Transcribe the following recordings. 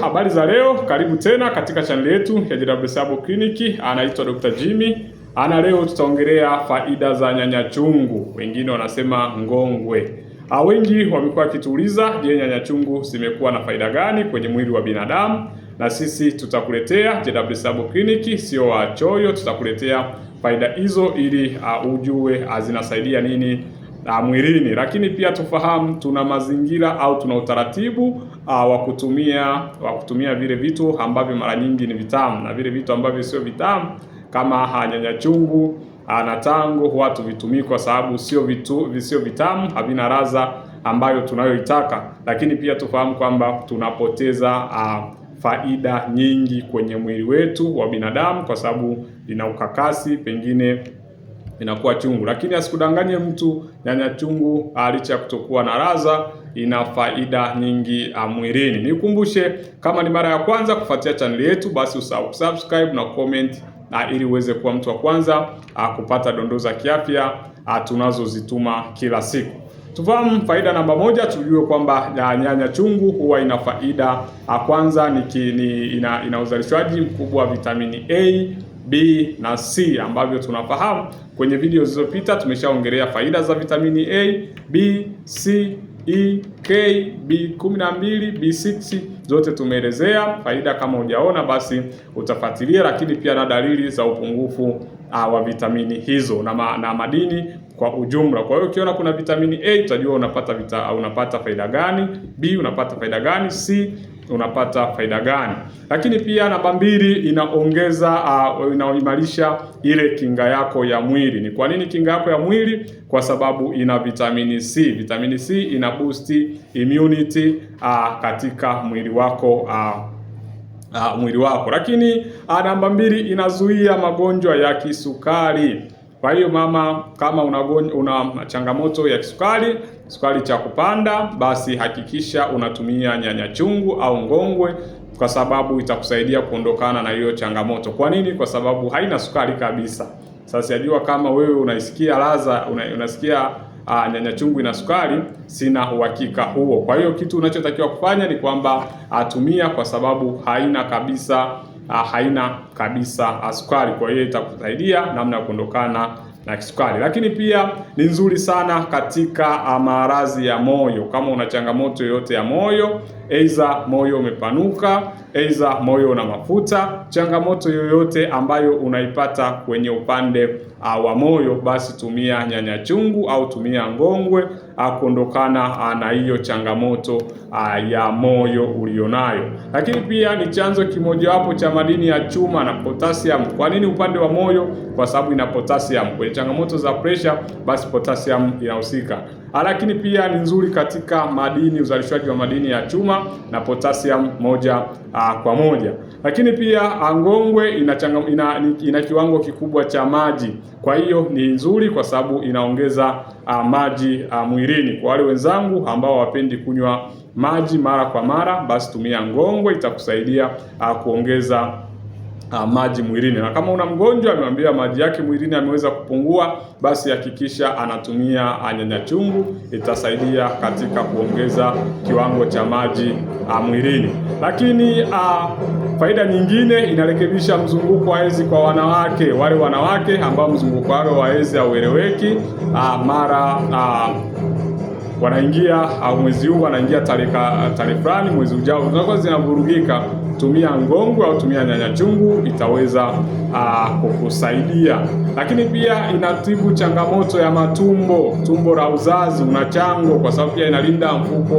habari za leo, karibu tena katika chaneli yetu ya JW Sabo Clinic. Anaitwa Dr. Jimmy ana, leo tutaongelea faida za nyanya chungu, wengine wanasema ngongwe. Ah, wengi wamekuwa wakituuliza, je, nyanya chungu zimekuwa na faida gani kwenye mwili wa binadamu? Na sisi tutakuletea JW Sabo Clinic, sio wachoyo, tutakuletea faida hizo ili uh, ujue uh, zinasaidia nini na ah, mwilini, lakini pia tufahamu tuna mazingira au tuna utaratibu uh, wa kutumia wa kutumia vile vitu ambavyo mara nyingi ni vitamu na vile vitu ambavyo sio vitamu kama nyanya chungu na tango huwa tuvitumii kwa sababu sio vitu visio vitamu, havina raza ambayo tunayoitaka. Lakini pia tufahamu kwamba tunapoteza uh, faida nyingi kwenye mwili wetu wa binadamu kwa sababu lina ukakasi pengine inakuwa chungu, lakini asikudanganye mtu, nyanya chungu ah, licha ya kutokuwa na ladha ina faida nyingi ah, mwilini. Nikumbushe, kama ni mara ya kwanza kufuatia chaneli yetu, basi usahau kusubscribe na comment na ah, ili uweze kuwa mtu wa kwanza kupata dondoo za kiafya tunazozituma kila siku. Tufahamu faida namba moja, tujue kwamba nyanya chungu huwa ina faida kwanza ni, ni, ina, ina uzalishaji mkubwa wa vitamini A B na C ambavyo tunafahamu kwenye video zilizopita. Tumeshaongelea faida za vitamini A, B, C, E, K, B12, B6 zote tumeelezea faida. Kama hujaona basi utafuatilia, lakini pia na dalili za upungufu uh, wa vitamini hizo na, ma, na madini kwa ujumla. Kwa hiyo ukiona kuna vitamini A utajua unapata vita, unapata faida gani, B unapata faida gani, C unapata faida gani. Lakini pia namba mbili inaongeza uh, inaimarisha ile kinga yako ya mwili. Ni kwa nini kinga yako ya mwili? Kwa sababu ina vitamini C. Vitamini C ina boost immunity uh, katika mwili wako uh, Uh, mwili wako. Lakini uh, namba mbili inazuia magonjwa ya kisukari. Kwa hiyo mama, kama una, una changamoto ya kisukari, kisukari cha kupanda, basi hakikisha unatumia nyanya chungu au ngongwe kwa sababu itakusaidia kuondokana na hiyo changamoto. Kwa nini? Kwa sababu haina sukari kabisa. Sasa yajua kama wewe unaisikia ladha una, unasikia uh, nyanya chungu ina sukari, sina uhakika huo. Kwa hiyo kitu unachotakiwa kufanya ni kwamba atumia kwa sababu haina kabisa Ah, haina kabisa ah, sukari, kwa hiyo itakusaidia namna ya kuondokana na kisukari. Lakini pia ni nzuri sana katika ah, maradhi ya moyo. Kama una changamoto yoyote ya moyo, aidha moyo umepanuka, aidha moyo una mafuta, changamoto yoyote ambayo unaipata kwenye upande wa moyo, basi tumia nyanya chungu au tumia ngongwe kuondokana na hiyo changamoto ya moyo ulionayo. Lakini pia ni chanzo kimojawapo cha madini ya chuma na potassium. Kwa nini upande wa moyo? Kwa sababu ina potassium. Kwenye changamoto za pressure, basi potassium inahusika. Lakini pia ni nzuri katika madini, uzalishaji wa madini ya chuma na potassium moja kwa moja. Lakini pia Angongwe ah, ina, ina, ina kiwango kikubwa cha maji, kwa hiyo ni nzuri kwa sababu inaongeza uh, maji uh, mwilini. Kwa wale wenzangu ambao wapendi kunywa maji mara kwa mara, basi tumia Ngongwe itakusaidia uh, kuongeza uh, maji mwilini, na kama una mgonjwa amemwambia maji yake mwilini ameweza kupungua, basi hakikisha anatumia nyanya chungu, itasaidia katika kuongeza kiwango cha maji uh, mwilini. Lakini uh, faida nyingine inarekebisha mzunguko wa hedhi kwa wanawake, wale wanawake ambao mzunguko wao wa hedhi haueleweki uh, mara uh, wanaingia au mwezi huu wanaingia tarehe fulani, mwezi ujao zinakuwa zinavurugika tumia ngongo au tumia nyanya chungu itaweza uh, kukusaidia. Lakini pia inatibu changamoto ya matumbo, tumbo la uzazi una chango, kwa sababu pia inalinda mfuko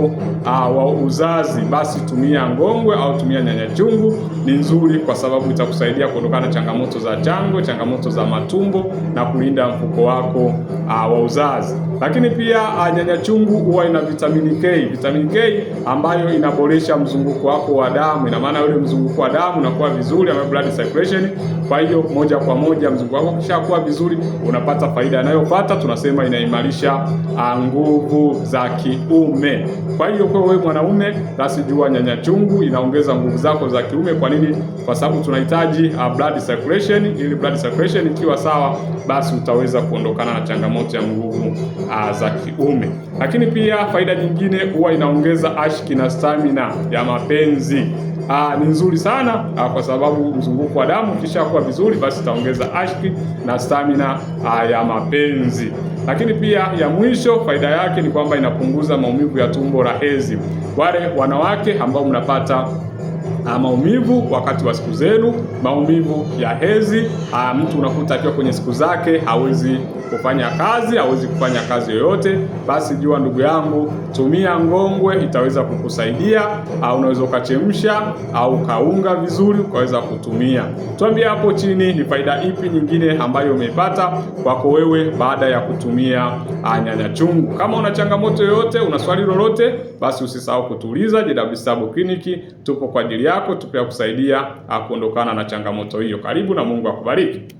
uh, wa uzazi. Basi tumia ngongwe au tumia nyanya chungu, ni nzuri kwa sababu itakusaidia kuondokana changamoto za chango, changamoto za matumbo na kulinda mfuko wako uh, wa uzazi. Lakini pia uh, nyanya chungu huwa ina vitamini K, vitamini K ambayo inaboresha mzunguko wako wa damu, ina maana ule mzunguko wa damu unakuwa vizuri, ama blood circulation. Kwa hiyo moja kwa moja mzunguko wako ukishakuwa vizuri, unapata faida anayopata, tunasema inaimarisha ah, nguvu za kiume. Kwa hiyo kwa wewe mwanaume, basi jua nyanya chungu, inaongeza nguvu zako za kiume. Kwa nini? Kwa sababu tunahitaji ah, blood circulation. Ili blood circulation ikiwa sawa, basi utaweza kuondokana na changamoto ya nguvu ah, za kiume. Lakini pia faida nyingine huwa inaongeza ashki na stamina ya mapenzi aa, ah, ni nzuri sana aa, ah, kwa sababu mzunguko wa damu kisha kuwa vizuri, basi itaongeza ashki na stamina aa, ah, ya mapenzi. Lakini pia ya mwisho, faida yake ni kwamba inapunguza maumivu ya tumbo la hedhi. Wale wanawake ambao mnapata Ah, maumivu wakati wa siku zenu, maumivu ya hezi ah, Mtu unakuta akiwa kwenye siku zake hawezi kufanya kazi, hawezi kufanya kazi yoyote, basi jua ndugu yangu, tumia ngongwe, itaweza kukusaidia. Au ah, unaweza ukachemsha au ukaunga vizuri ukaweza kutumia. Tuambie hapo chini ni faida ipi nyingine ambayo umeipata kwako wewe baada ya kutumia nyanya chungu. Kama una changamoto yoyote, una swali lolote, basi usisahau kutuuliza. JW Sabo Kliniki tupo kwa ajili yako tupe kusaidia ah, kuondokana na changamoto hiyo. Karibu na Mungu akubariki.